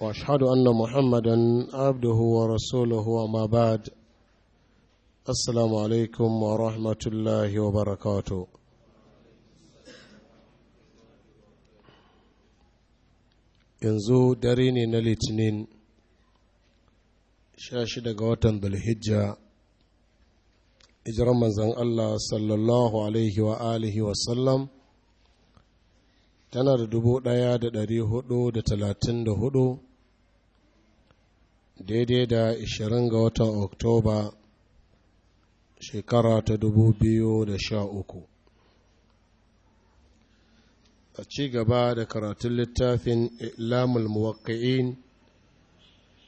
واشهد ان محمدا عبده ورسوله وما بعد السلام عليكم ورحمه الله وبركاته yanzu dare ne na litinin Sha 16 ga watan dulhijja ijiran manzan allah sallallahu alaihi wa alihi wasallam tana da dubu ɗaya da dari hudu da talatin da hudu daidai da 20 ga watan oktoba shekara ta 2013 a ci gaba da karatun littafin ilamul muwakka'in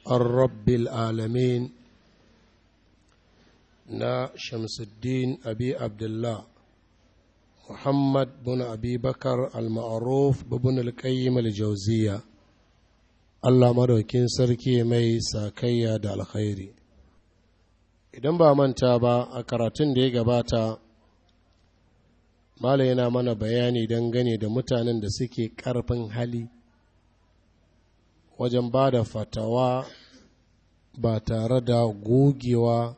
an rabbil alamin na shamsuddin abi abdullah muhammad bin abubakar al maaruf bin al Allah madaukin sarki mai sakayya da alkhairi idan ba manta ba a karatun da ya gabata mala yana mana bayani don gane da mutanen da suke ƙarfin hali wajen ba da fatawa ba tare da gogewa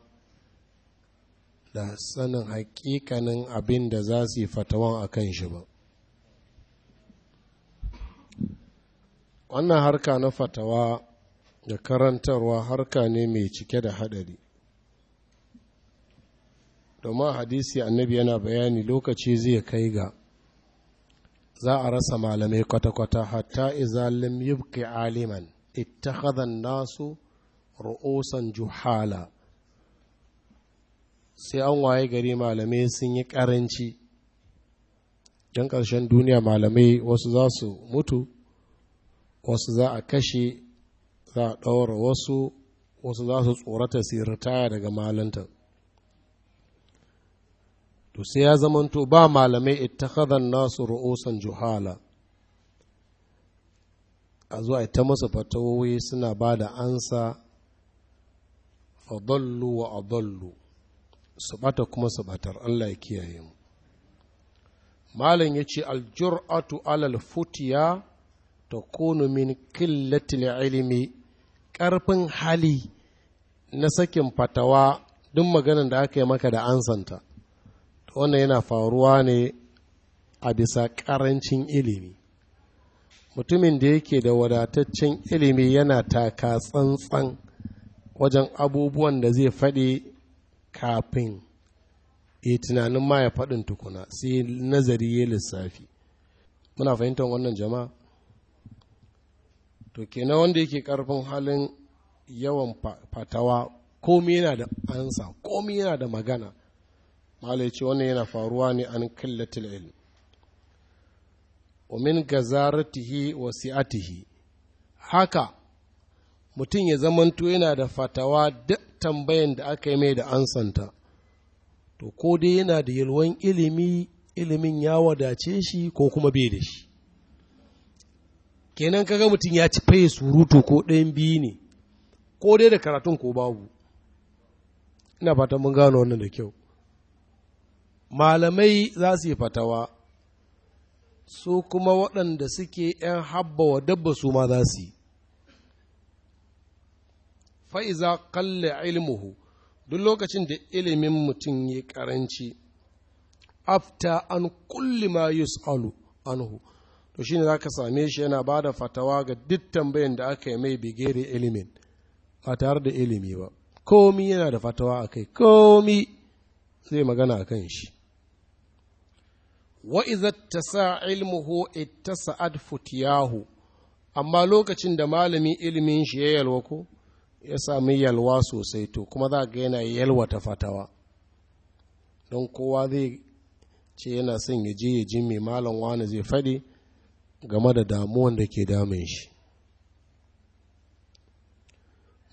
da sanin hakikanin abin da za su yi fatawan a kan shi ba wannan harka na fatawa da karantarwa harka ne mai cike da haɗari domin hadisi annabi yana bayani lokaci zai kai ga za a rasa malamai kwata-kwata hatta izalim yubki aliman ittakhadhan nasu ru'usan juhala sai an waye gari malamai sun yi ƙaranci don ƙarshen duniya malamai wasu za su mutu wasu za a kashe za a ɗaura wasu wasu za su tsorata su ritaya daga malanta to sai ya zamanto ba malamai ittakhadhan nasu ru'usan juhala a zuwa ita masa fatawoyi suna ba da ansa fadallu wa adallu su bata kuma su batar Allah ya kiyaye mu malam yace aljur'atu alal futiya takunu min killatil ilimi ƙarfin hali na sakin fatawa duk maganin da aka yi maka da ansanta wannan yana faruwa ne a bisa ƙarancin ilimi mutumin da yake da wadataccen ilimi yana taka tsantsan wajen abubuwan da zai faɗi kafin ya tunanin ma ya faɗin tukuna sai nazari ya lissafi muna fahimtar wannan jama'a to kenan wanda yake karfin halin yawan fatawa komi yana da ansa komi yana da magana malai ce wannan yana faruwa ne an killatul ilm wa min gazaratihi wa si'atihi haka mutum ya zamanto yana da fatawa duk tambayan da aka yi mai da ansanta to ko dai yana da yalwan ilimi ilimin ya wadace shi ko kuma bai da shi kenan kaga mutum ya ci faye surutu ko ɗayan biyu ne ko dai da karatun ko babu ina fata mun gano wannan da kyau malamai za su yi fatawa su kuma waɗanda suke ‘yan habba wa dabba su ma za su yi fa'iza kalle ilmuhu duk lokacin da ilimin mutum ya karanci afta an kulli ma yus'alu anhu to shine zaka same shi yana bada fatawa ga duk tambayan da aka yi mai bigere ilimin ba tare da ilimi ba komi yana da fatawa a kai. komi zai magana a kan shi sa ta sa ilmuhu Sa'ad futiyahu amma lokacin da malami ilimin shi ya yalwa ko ya sami yalwa sosai to kuma za ga yana ta fatawa don kowa zai ce yana son ya je ya ji mai malam wani zai faɗi game da damuwan da ke damun shi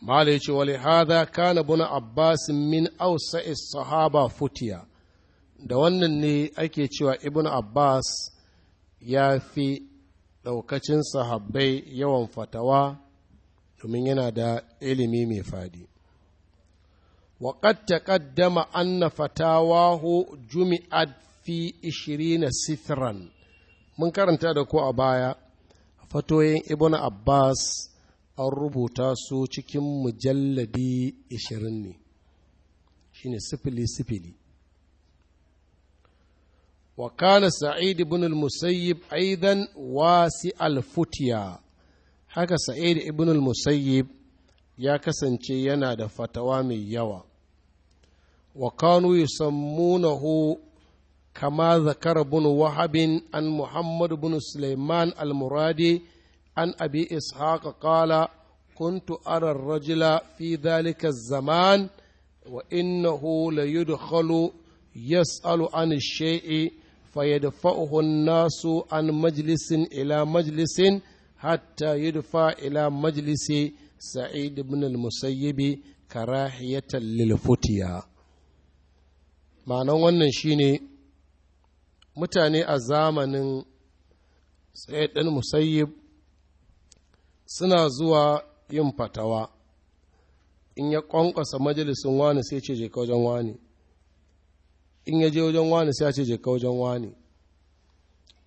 mala ya ce wale hada kana buna abbas min ausa sahaba futiya da wannan ne ake cewa ibn abbas ya fi ɗaukacin sahabbai yawan fatawa domin yana da ilimi mai fadi an na fatawa ho jumi'ad fi عشرين سترا mun karanta da ku a baya fatoyin ibn abbas an rubuta su cikin mujalladi 20 ne shine sifili sifili wa kana sa'id ibn al-musayyib aidan wasi al-futiya haka sa'id ibn al-musayyib ya kasance yana da fatawa mai yawa wa kanu yusammunahu kama zakara bin wahabin an muhammad bin suleiman al-muradi an abi ishaq qala كنت أرى الرجل في ذلك الزمان وإنه ليدخل يسأل عن الشيء فيدفعه الناس عن مجلس إلى مجلس حتى يدفع إلى مجلس سعيد بن المسيب كراهية للفتية معنى wannan shine mutane a zamanin ɗan musayyib suna zuwa yin fatawa in ya ƙwanƙwasa majalisun wani sai ce je wajen wani in ya je wajen wani sai ce je wajen wani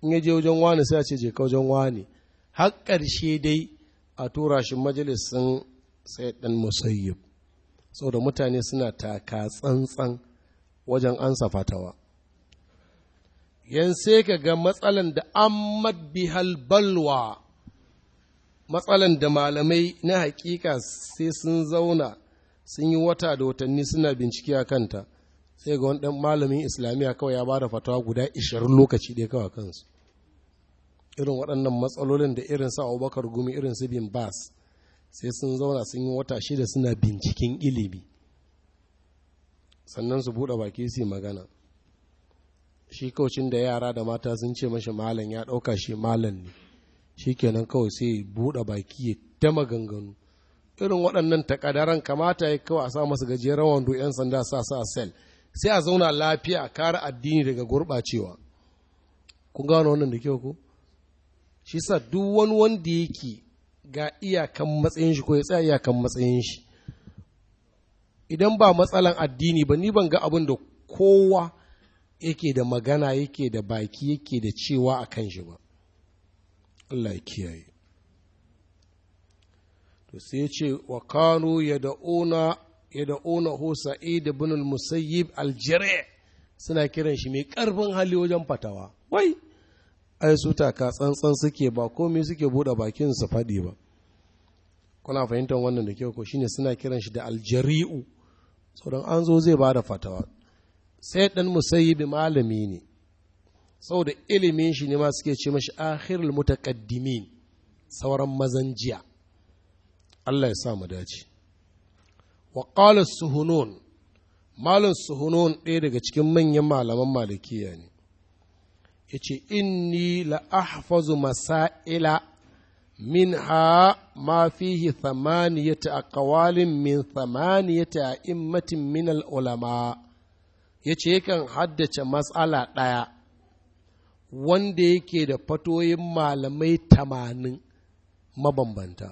in ya je wajen wani sai ce je wajen wani har ƙarshe dai a tura shi majalisun ɗan musayyib saboda mutane suna taka tsantsan wajen ansa fatawa yan sai ka ga matsalan da an bihal balwa matsalan da malamai na hakika sai sun zauna sun yi wata da watanni suna bincike a kanta sai ga wani malamin islamiyya kawai ya ba da fatawa guda 20 lokaci ɗaya kawai kansu irin waɗannan matsalolin da irin sa abubakar gumi irin su bin bas sai sun zauna sun yi wata shida suna binciken ilimi sannan su buɗe baki su yi magana shi kawacin da yara da mata sun ce mashi malam ya ɗauka shi malam ne shi kenan kawai sai buɗe baki ya ta maganganu irin waɗannan takadaran kamata ya kawai a sa masu gajeren wando 'yan sanda sa sa sel sai a zauna lafiya a kare addini daga gurɓacewa kun gano wannan da kyau ko shi sa duk wani wanda yake ga iyakan matsayin shi ko ya tsaya iyakan matsayin shi idan ba matsalan addini ba ni ban ga abin da kowa yake da magana yake da baki yake da cewa a kan shi ba Allah ya kiyaye to sai ya ce wa kanu yad'una yad'una hu sa'id ibn al-musayyib al-jari' suna kiran shi mai karfin hali wajen fatawa wai ai su taka tsantsan suke ba komai suke bude bakin su fadi ba kuna fahimtar wannan da kyau ko shine suna kiran shi da aljari'u sauran an zo zai ba da fatawa sai ɗan musayyibi malami ne saboda ilimin shi ne ma suke ce mashi akhirul mutaqaddimin sauran mazan jiya Allah ya sa mu dace wa qala suhunun malam suhunun ɗaya daga cikin manyan malaman malikiya ne yace inni la ahfazu masaila minha ma fihi thamaniyata aqwalin min thamaniyata a'immatin min al ulama' ya ce yakan haddace matsala ɗaya wanda yake da fatoyin malamai tamanin mabambanta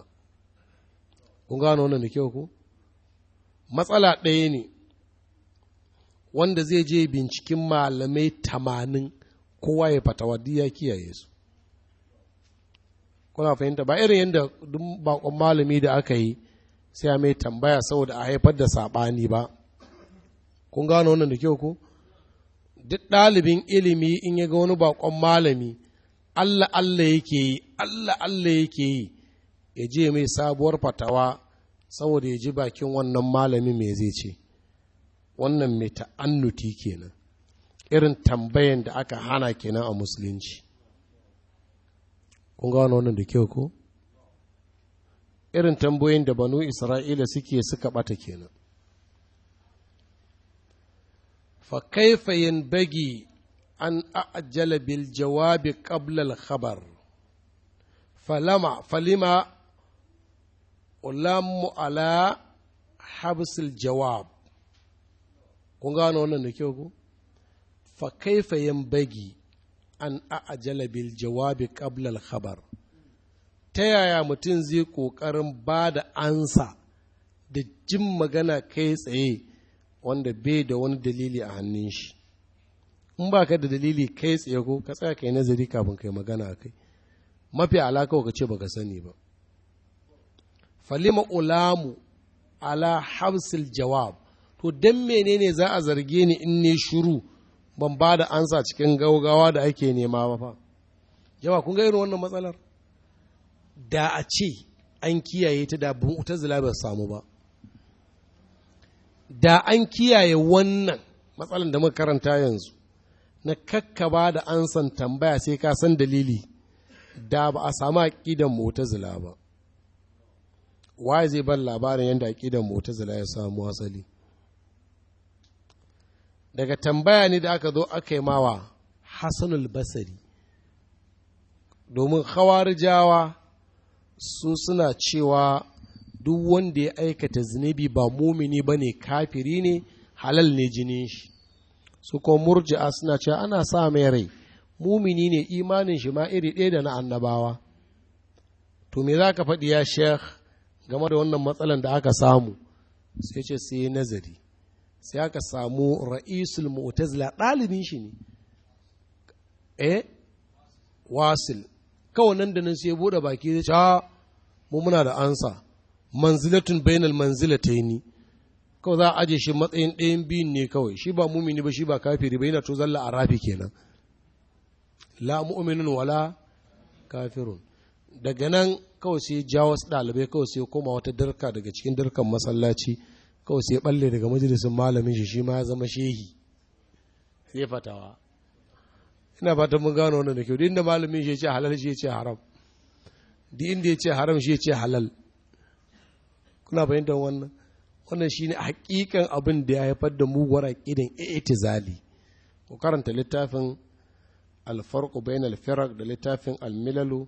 kun gano wannan da kyau ko matsala ɗaya ne wanda zai je binciken malamai tamanin kowa ya fatawa ya kiyaye su kuna fahimta ba irin yadda duk bakon malami da aka yi sai a mai tambaya saboda a haifar da saɓani ba kun gano wannan da kyau ko duk ɗalibin ilimi in ya ga wani bakon malami Allah Allah yake yi Allah Allah yake yi ya je mai sabuwar fatawa saboda ya ji bakin wannan malami mai zai ce wannan mai ta'annuti kenan irin tambayan da aka hana kenan a musulunci kun gano wannan da kyau ko irin tambayoyin da banu isra'ila suke suka bata kenan fa kaifa bagi an a'ajjala bil jawabi qabla al falima ulamu ala habsul jawab kun gano wannan da kyau ku fa kaifa bagi an a'ajjala bil jawabi qabla al khabar ta yaya mutum zai ƙoƙarin ba da ansa da jin magana kai tsaye wanda bai da wani dalili a hannun shi in ba ka da dalili kai tsaye ko ka tsaya kai nazari kafin kai magana a kai mafi alaka ka ce baka sani ba falima ulamu ala hafsil jawab to dan menene za a zarge ni in ne shuru ban ba da ansa cikin gaugawa da ake nema ba fa yawa kun ga irin wannan matsalar da a ce an kiyaye ta da bin bai samu ba da an kiyaye wannan matsalan da muka karanta yanzu na ba da an san tambaya sai ka san dalili da ba a samu aƙidan mutazila ba waye zai bar labarin yadda aƙidan mutazila ya samu asali daga tambaya ne da aka zo aka yi mawa hassanul basari domin hawar jawa su suna cewa duk wanda ya aikata zunubi ba mumini ba ne kafiri ne halal ne jinin shi su ko murji'a suna cewa ana sa mai rai mumini ne imanin shi ma iri ɗaya da na annabawa to me za ka faɗi ya sheikh game da wannan matsalan da aka samu sai ce sai nazari sai aka samu ra'isul mu'tazila ɗalibin shi ne eh wasil kawai nan da nan sai ya buɗe baki zai ce ah, mu muna da ansa manzilatun bainal ne kawai za a aje shi matsayin ɗayan biyun ne kawai shi ba mumini ba shi ba kafiri ba yana to zalla a rafi kenan la mu'minun wala kafirun daga nan kawai sai ja wasu ɗalibai kawai sai koma wata darka daga cikin darkan masallaci kawai sai balle daga majalisun malamin shi shi ma ya zama shehi sai fatawa ina fatan mun gano wannan da kyau duk inda malamin shi ya ce halal shi ya ce haram duk inda ya ce haram shi ya ce halal kuna fahimtar wannan wannan shine hakikan abin da ya haifar da muguwar aqidan i'tizali ku karanta littafin alfarqu bainal alfiraq da littafin almilalu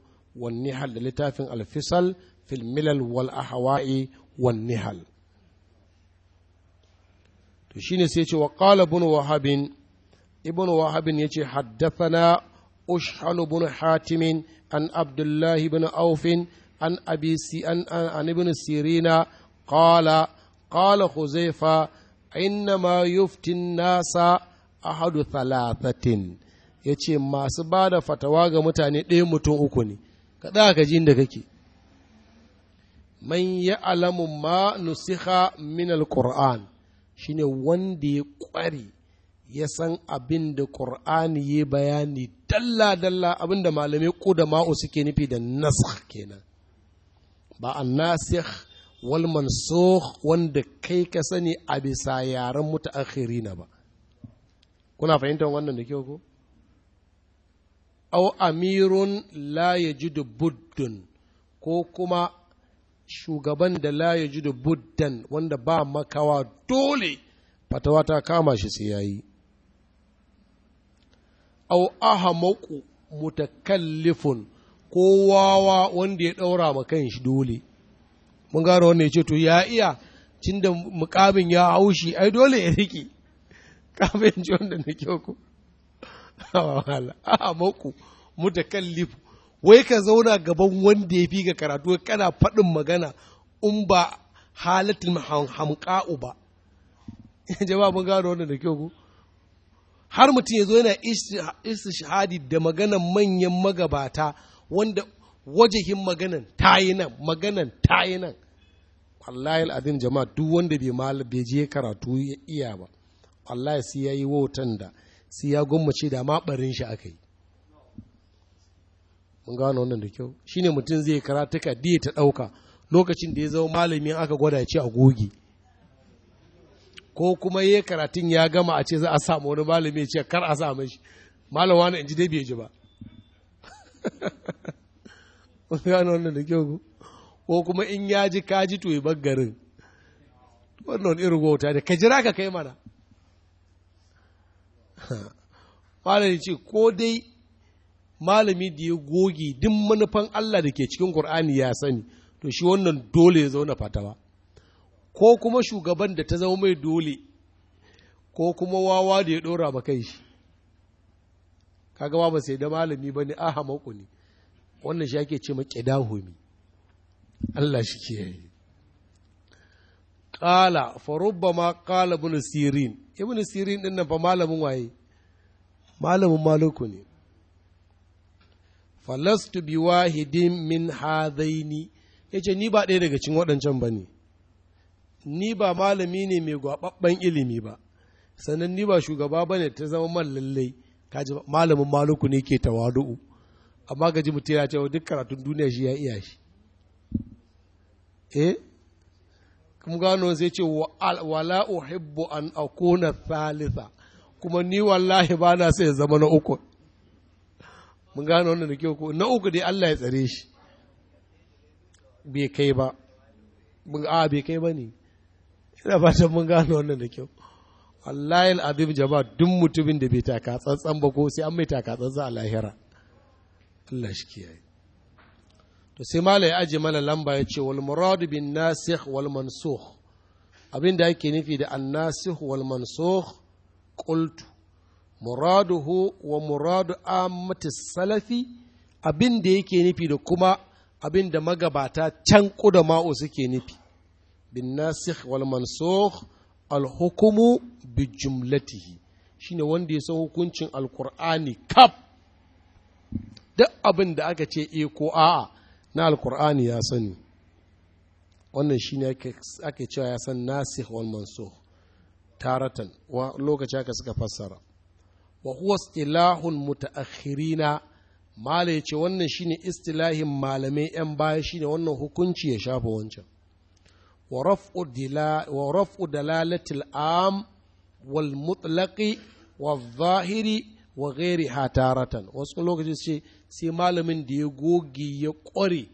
wan nihal da littafin alfisal filmilal milal wal ahwa'i wan nihal to shine sai ce wa qala ibn wahab ibn wahab yace haddathana ushanu ibn hatim an abdullahi ibn aufin an abi an an ibn sirina qala qala huzaifa innama yuftin nasa ahadu thalathatin yace masu ba da fatawa ga mutane ɗaya mutum uku ne ka ka ji inda kake man ya'lamu ma nusiha min qur'an shine wanda ya ƙware ya san abin da ƙur'ani ya bayani dalla-dalla abin da malamai ko da ma'u suke nufi da nasa kenan ba nasir wal mansukh wanda kai ka sani a bisa yaren na ba kuna fahimtar wannan da kyau ko aw amirun la yajidu buddun ko kuma shugaban da la yajidu buddan wanda ba makawa dole fatawa ta kama shi sai yayi aw ahamaku mutakallifun ko wawa wanda ya ɗaura ma kan shi dole mun gano wanda ya ce to ya iya cin da mukamin ya haushi ai dole ya riƙe kafin ji wanda na kyau ku a maku mutakallif wai ka zauna gaban wanda ya fi ga karatu kana faɗin magana in ba halatin hamka'u ba jama'a mun gano wanda na kyau ku har mutum ya zo yana istishhadi da maganan manyan magabata wanda wajihin maganan ta yi nan maganan ta yi nan wallahi al'adin jama'a duk wanda bai malam bai je karatu ya iya ba wallahi sai ya yi wautan da sai ya gwammace da ma barin shi aka yi mun gano wannan da kyau shine mutum zai karatuka diya ta ɗauka lokacin da ya zama malami aka gwada ce a goge ko kuma ya karatun ya gama a ce za a samu wani malami ya ce kar a sa shi, malam wani in ji dai bai ji ba wani gano wannan da kyau ko kuma in ya ji ka ji to ya bar wannan irin wauta da ka jira ka kai mana malami ce ko dai malami da ya goge duk manufan Allah da ke cikin Kur'ani ya sani to shi wannan dole ya zauna fatawa ko kuma shugaban da ta zama mai dole ko kuma wawa da ya ɗora ba kai shi kaga ba sai da malami ba ne aha mako ne wannan shi ake ce ma ƙidahumi Allah shi ke yi ƙala farubba ma ƙala ibn sirin ibn sirin ɗin nan fa malamin waye malamin maloku ne falastu bi wahidin min hadaini yace ni ba ɗaya daga cikin waɗancan ba ne ni ba malami ne mai gwaɓaɓɓen ilimi ba sannan ni ba shugaba ba ne ta zama man lallai kaji malamin maluku ne ke tawadu'u amma gaji mutum yana cewa oh, duk karatun duniya shi ya iya shi eh kuma gano zai ce wala uhibbu an akuna thalitha kuma ni wallahi ba na sai zama na uku mun gano wannan da kyau ko na uku dai Allah ya tsare shi bai kai ba mun a bai kai ba ne ina fatan mun gano wannan da kyau wallahi abin jama duk mutumin da bai taka tsantsan ba ko sai an mai taka tsantsan a lahira Allah shi kiyaye to sai mala ya aje mana lamba ya ce wal murad bin nasikh wal mansukh abin da ake nufi da an nasikh wal mansukh qultu muraduhu wa muradu ammati salafi abin da yake nufi da kuma abin da magabata can kuda ma'o suke nufi bin nasikh wal mansukh al hukumu bi shi shine wanda ya san hukuncin alkur'ani kaf duk abin da aka ce e ko a'a na alkur'ani ya sani wannan shine ake cewa ya san nasikh wal mansukh taratan wa lokaci aka suka fassara wa huwa istilahun mutaakhirina mala yace wannan shine istilahin malamai yan baya shine wannan hukunci ya shafa wancan wa raf'u dalalatil am wal wa zahiri wa gairi hataratan wasu lokacin ce sai malamin da ya goge ya ƙware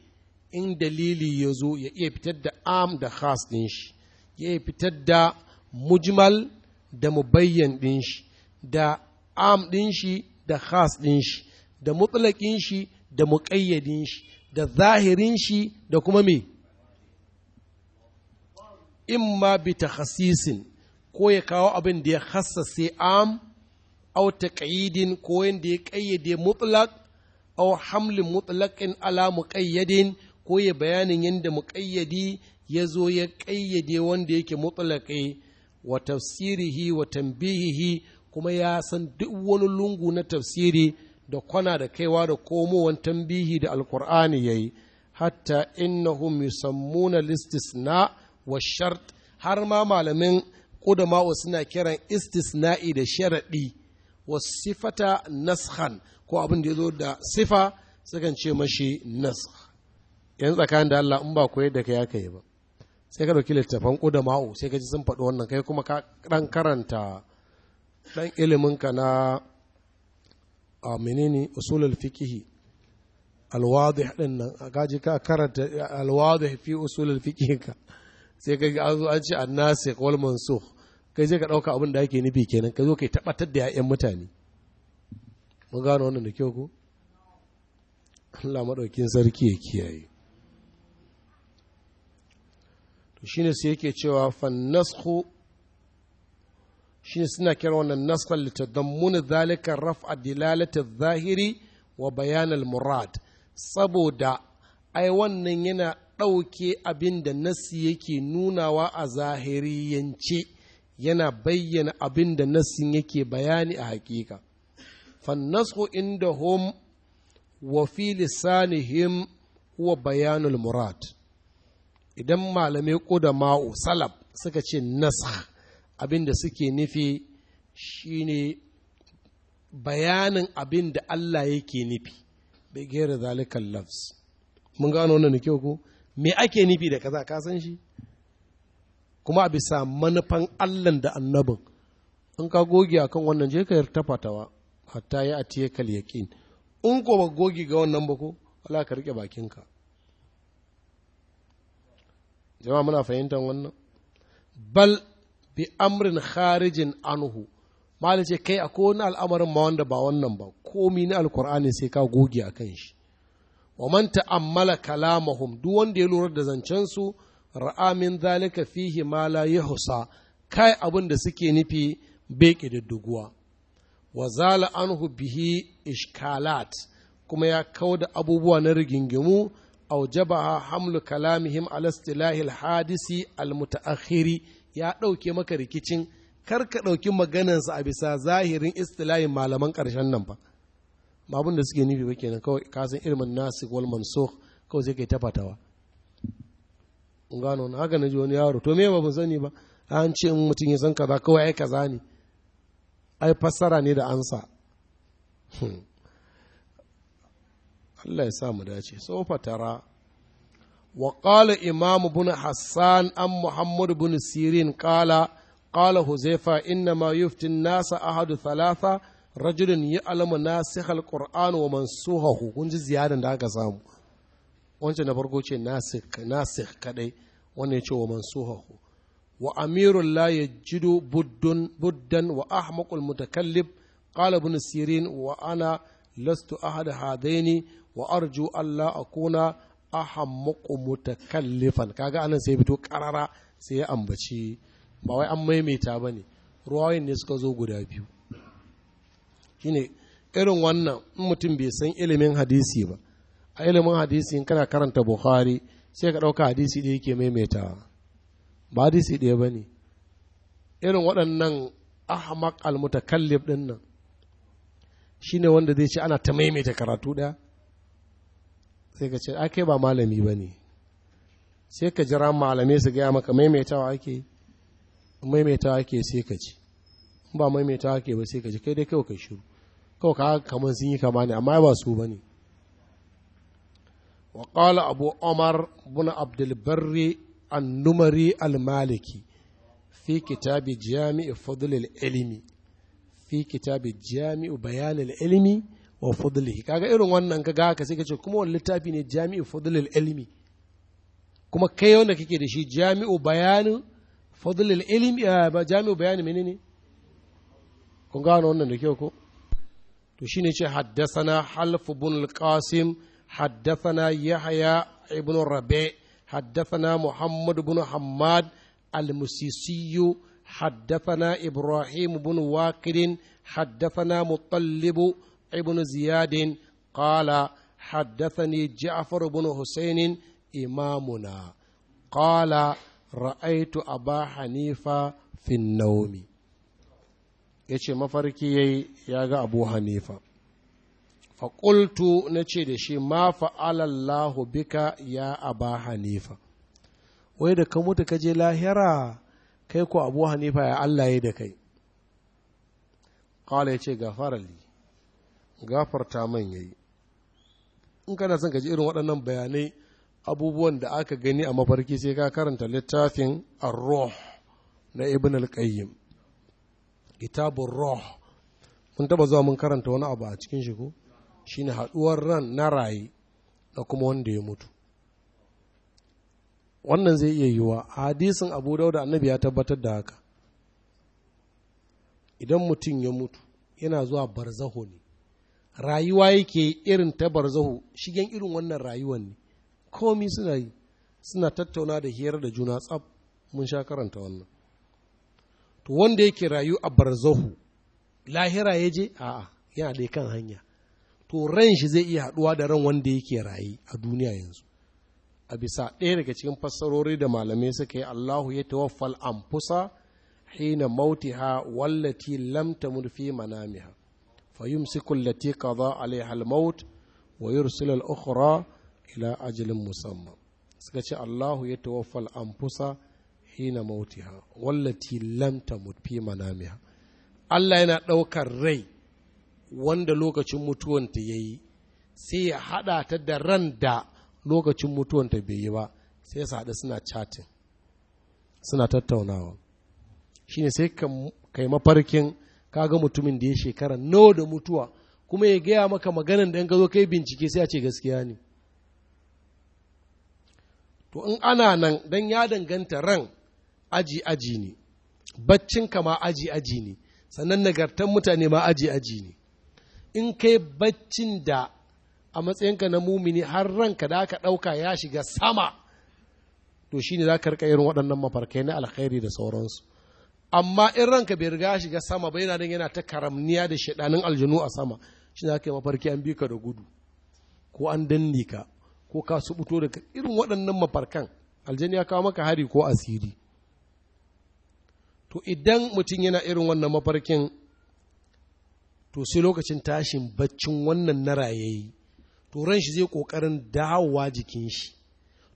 in dalili ya zo ya iya fitar da am da khas ɗin shi ya iya fitar da mujmal da mubayyan ɗin shi da am ɗin shi da khas ɗin shi da mutlaƙin shi da muƙayyadin shi da zahirin shi da kuma me imma bi takhasisin ko ya kawo abin da ya hassase am wata taqyidin ko yanda ya kayyade mutlaq au hamlin mutlaqin ala muqayyadin ko ya bayanin yanda muqayyadi ya zo ya ƙayyade wanda yake mutlaqi wa tafsirihi wa tambihihi kuma ya san duk wani lungu na tafsiri da kwana da kaiwa da komowan tambihi da alkur'ani yayi hatta innahum yusammuna listisna wa shart har ma malamin ƙudamawa suna kiran istisna'i da sharaɗi wasu sifata naskhan ko abin da ya zo da sifa sukan ce mashi naskh yan tsakanin da Allah in ba koyar da ka ya kai ba sai ka ɗauki littafan ƙudamawa sai ka ji sun faɗi wannan kai kuma ka ɗan karanta ɗan iliminka na a menene usulul fikihi alwadih din nan gaji ka karanta alwadih fi usulul fikihi ka sai ka ga an ce an nasi kawal manso kai zai ka ɗauka abin da ake nufi kenan ka zo kai tabbatar da ya'yan mutane mun gano wannan da kyau ko Allah maɗaukin sarki ya kiyaye to ne sai yake cewa fan shi shine suna kira wannan da ta muna zalika raf'a dilalati zahiri, wa bayanal murad saboda ai wannan yana ɗauke abin da nasi yake nunawa a zahiriyance yana bayyana abin da nassin yake bayani a hakika fannasu inda hom wa fi him huwa bayanul murad idan malamai ƙuda ma'u salab suka ce nasa abin da suke nufi shine bayanin abin da Allah yake nufi bai gera zalikan lafs mun gano wannan da kyau ko me ake nufi da kaza ka san shi kuma a bisa manufan allan da annabin in ka goge akan wannan je ka yi fatawa hatta ya atiye kal yaqin in ko ba goge ga wannan ba ko ka rike bakinka jama'a muna fahimtar wannan bal bi amrin kharijin anhu malice kai akwai wani al'amarin ma wanda ba wannan ba komi na alkur'ani sai ka goge a kan shi wa man ta'ammala kalamahum duk wanda ya lura da zancen su ra'a min zalika fihi ma la yahsa kai abin da suke nufi bai ƙididduguwa wa zala anhu bihi ishkalat kuma ya kau da abubuwa na rigingimu jabaha hamlu kalamihim ala istilahil hadisi almutaakhiri ya dauke maka rikicin kar ka ɗauki maganansa a bisa zahirin istilahin malaman karshen nan ba ba abin da suke nufi ba kenan kawai kasan ilmin nasi wal mansukh kawai sai kai tafatawa in gano na haka naji wani yaro to me ba mu sani ba an ce in mutum ya san kaza kawai ai kaza ne ai fassara ne da ansa hmm. Allah ya sa mu dace so fatara wa qala imam ibn hassan an muhammad ibn sirin qala qala huzaifa inna ma yuftin nasa ahadu thalatha rajulun yi alama na sihal ƙur'an wa mansuhahu kun ji ziyarar da aka samu wancan na farko ce nasih kadai wani ya ce wa mansuhahu wa amirun la yajidu buddan wa ahmaqul mutakallib qala ibn sirin wa ana lastu ahad hadaini wa arju alla akuna ahammaqu mutakallifan kaga anan sai fito karara sai ya ambaci ba wai an maimaita ne ruwayin ne suka zo guda biyu shine irin wannan in mutum bai san ilimin hadisi ba a ilimin hadisi in kana karanta bukhari sai ka ɗauka hadisi ɗaya yake maimaitawa ba hadisi ɗaya ba ne irin waɗannan Ahmad almutakallif ɗin nan shi ne wanda zai ce ana ta maimaita karatu ɗaya sai ka ce ake ba malami ba ne sai ka jira malamai su gaya maka maimaitawa ake maimaitawa ake sai ka ci ba maimaitawa ake ba sai ka ji kai dai kawai ka shiru kawai ka kamar sun yi kama ne amma ba su ba ne wa ƙala abu omar buna abdulbarri annumari almaliki fi kitabi jami'i fadlil ilimi fi kitabi jami'i bayanil ilimi wa fadlihi kaga irin wannan kaga ka sai kace kuma wani littafi ne jami'i fadlil ilimi kuma kai wanda kake da shi jami'u bayanin fadlil ilimi eh, jami'u bayanin menene kun gano wannan da kyau ko to shi haddasana halfubun alƙasim haddasana yahaya ibn rabe haddasana muhammad Bun hamad almusisiyu haddasana ibrahim Bun wakilin haddasana mutallibu ibn ziyadin qala haddasani ja'far Bun husainin imamuna qala ra'aitu aba hanifa fi ya ce mafarki ya yi ya ga abu hanifa faƙultu na ce da shi ma fa'alallahu bika ya aba hanifa wai da ka mutu ka je lahira kai ko abu hanifa ya Allah ya da kai ƙala ya ce gafarali gafarta man ya yi in kana son ka ji irin waɗannan bayanai abubuwan da aka gani a mafarki sai ka karanta littafin arroh na ibn al-qayyim kitabun roh mun taba zuwa mun karanta wani abu a cikin shi ko shine haɗuwar ran na raye da kuma wanda ya mutu wannan zai iya yiwa hadisin abu dauda annabi ya tabbatar da haka idan mutum ya mutu yana zuwa barzaho ne rayuwa yake irin ta barzaho shigen irin wannan rayuwan ne komi suna yi suna tattauna da hiyar da juna tsab mun sha karanta wannan to wanda yake rayu a barzahu lahira ya je a'a yana da kan hanya to ran shi zai iya haɗuwa da ran wanda yake rayu a duniya yanzu a bisa ɗaya daga cikin fassarori da malamai suka yi Allahu ya tawaffal anfusa hina mautiha wallati lam tamut fi manamiha fayumsiku allati qada alaiha almaut wa yursilu al-ukhra ila ajalin musamman suka ce Allahu ya tawaffal anfusa hina mautiha wallati lam tamut fi manamiha Allah yana ɗaukar rai wanda lokacin mutuwanta ya yi sai ya haɗa ta da ran da lokacin mutuwanta bai yi ba sai su haɗa suna chatin suna tattaunawa shine ne sai kai mafarkin kaga mutumin da ya shekara nawa da mutuwa kuma ya gaya maka maganan da ka kai bincike sai a ce gaskiya ne to in ana nan dan ya danganta ran aji-aji ne baccinka ma aji-aji ne sannan nagartan mutane ma aji-aji ne in kai baccin da a matsayinka na mumini har ranka da aka ɗauka ya shiga sama to shine za ka rika irin waɗannan mafarkai na alkhairi da sauransu amma in ranka bai riga shiga sama ba yana nan yana ta karamniya da shaɗanin aljanu a sama shi za ka yi mafarki an bi ka da gudu ko an danne ka ko ka subuto daga irin waɗannan mafarkan aljani ya kawo maka hari ko asiri to idan mutum yana irin wannan mafarkin to sai lokacin tashin baccin wannan na rayayi to ran shi zai ƙoƙarin dawowa jikin shi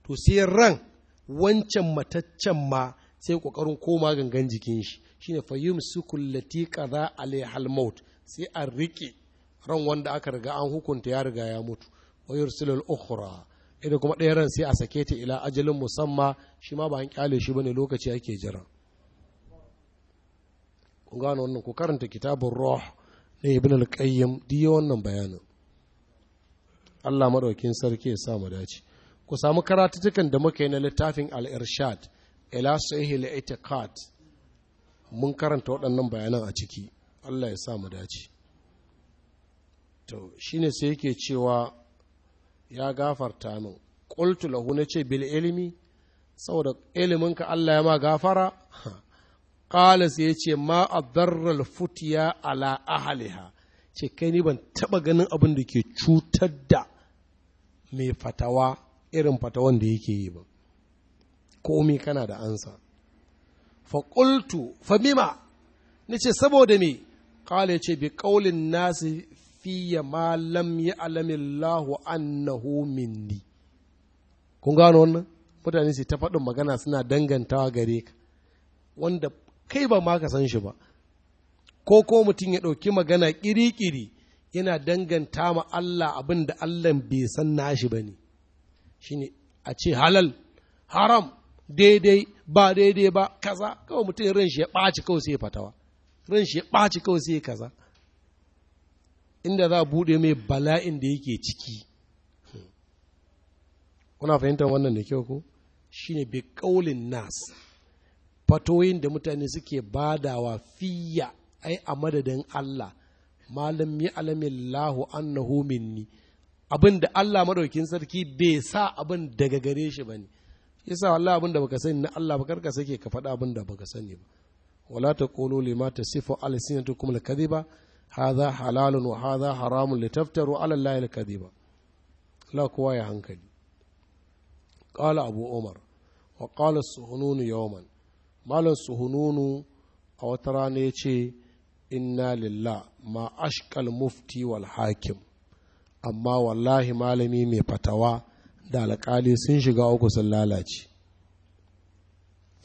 to sai ran wancan mataccen ma sai ƙoƙarin koma gangan jikin shi shi shine fayyum sukullati kaza alaihal Halmaut sai a riƙe ran wanda aka riga an hukunta ya riga ya mutu wayar yursilul ukhra idan kuma ɗaya ran sai a sake ta ila ajalin musamma shi ma ba an kyale shi ba ne lokaci ake jira kun gano wannan ku karanta kitabun roh na ibn al-qayyim diyo wannan bayanin Allah madaukin sarki ya sa mu dace ku samu karatutukan da muka yi na littafin al-irshad ila sahih al-i'tiqad mun karanta waɗannan bayanan a ciki Allah ya sa mu dace to shine sai yake cewa ya gafarta min qultu lahu nace bil ilmi saboda iliminka Allah ya ma gafara ƙala sai ya ce ma a darral futiya ala ahaliha ce kai ni ban taɓa ganin abin da ke cutar da mai fatawa irin fatawan da yake yi ba ko komi kana da ansa faƙultu famima ni ce saboda me ƙala ya ce bi ƙaulin nasi fiye ma lam ya alamillahu annahu minni kun gano wannan mutane su ta faɗin magana suna dangantawa gare ka wanda kai ba ma ka san shi ba ko ko mutum ya ɗauki magana ƙiri-ƙiri yana danganta ma Allah abin da Allah bai san nashi ba ne shi ne a ce halal haram daidai ba daidai ba kaza kawai mutum ran shi ya ɓaci kawai sai fatawa ran shi ya ɓaci kawai sai kaza inda za a buɗe mai bala'in da yake ciki hmm. kuna fahimtar wannan da kyau ko shine bi kaulin nas fatoyin da mutane suke badawa fiya ai a madadin Allah malam ya alamin lahu annahu minni abin da Allah madaukin sarki bai sa abin daga gare shi bane yasa wallahi abin da baka sani na Allah ba karka sake ka faɗa abin da baka sani ba wala taqulu lima tasifu alsinatukum alkadhiba hadha halalun wa hadha haramun litaftaru ala allahi alkadhiba la kowa ya hankali qala abu umar wa qala suhununu yawman malam suhununu a wata rana ya ce inna lilla ma ashkal mufti wal hakim amma wallahi malami mai fatawa da alƙali sun shiga uku sun lalace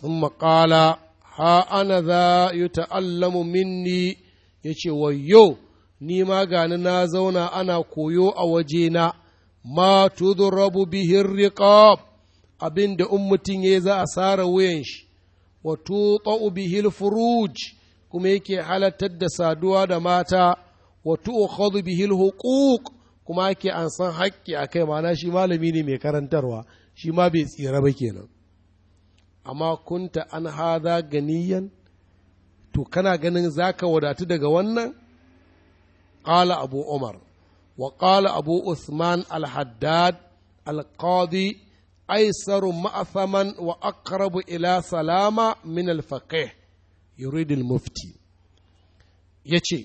sun maƙala ha ana za yi ta'allamu minni ya ce wayo ni ma gani na zauna ana koyo a wajena ma tudu rabu bihin riƙab abin da in mutum ya za a sara wuyan shi wa tuqa'u bihil furuj kuma yake halartar da saduwa da mata wa tu'khadhu bihil huquq kuma ake an san haƙƙi a kai mana shi malami ne mai karantarwa shi ma bai tsira ba kenan amma kunta an haza ganiyan to kana ganin zaka wadatu daga wannan qala abu umar wa abu usman al-haddad al-qadi aisaru ma'asaman wa aqrabu ila salama min alfaqih yuridul mufti yace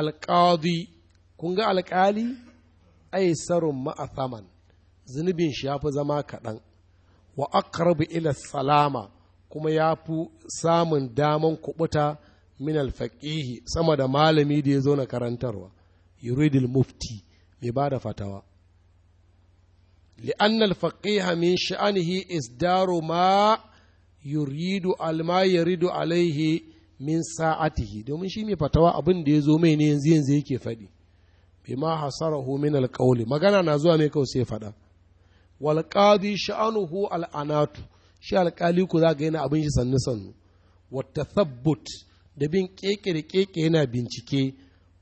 alqadi kun ga alƙali aisaru ma'asaman zunubin shi yafi zama kaɗan wa aqrabu ila salama kuma ya fi samun daman kuɓuta min alfaqihi sama da malami da ya zo na karantarwa yuridul mufti mai ba da fatawa لأن الفقيه من شأنه إصدار ما يريد ما يريد عليه min sa'atihi domin shi mai fatawa abin da ya zo mai ne yanzu yanzu yake faɗi bi ma hasarahu min magana na zuwa mai kawai sai faɗa wal qadi sha'anuhu al'anatu shi alƙali ku za ga yana abin shi sannu sannu wa tathabbut da bin keke da keke yana bincike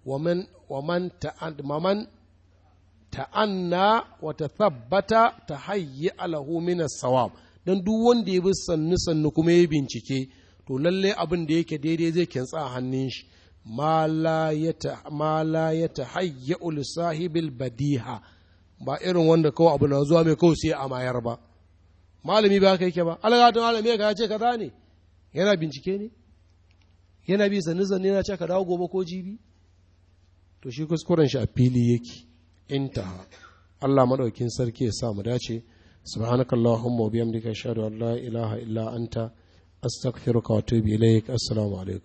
wa man wa man ta'anna wa ta tabbata ta hayyi alahu minas sawab don duk wanda ya bi sannu sannu kuma ya bincike to lalle abin da yake daidai zai kintsa a hannun shi ma la ya ta hayya sahibil badiha ba irin wanda kawai abu na zuwa mai kawai sai a mayar ba malami ba ka yake ba alagatun malami ka ce kaza ne yana bincike ne yana bi sannu sannu yana ce ka dawo gobe ko jibi to shi kuskuren shi a fili yake intaha Allah maɗaukin sarki ya sa mu dace subhanakallahumma wa bihamdika ashhadu an la ilaha illa anta astaghfiruka wa atubu ilaik assalamu alaikum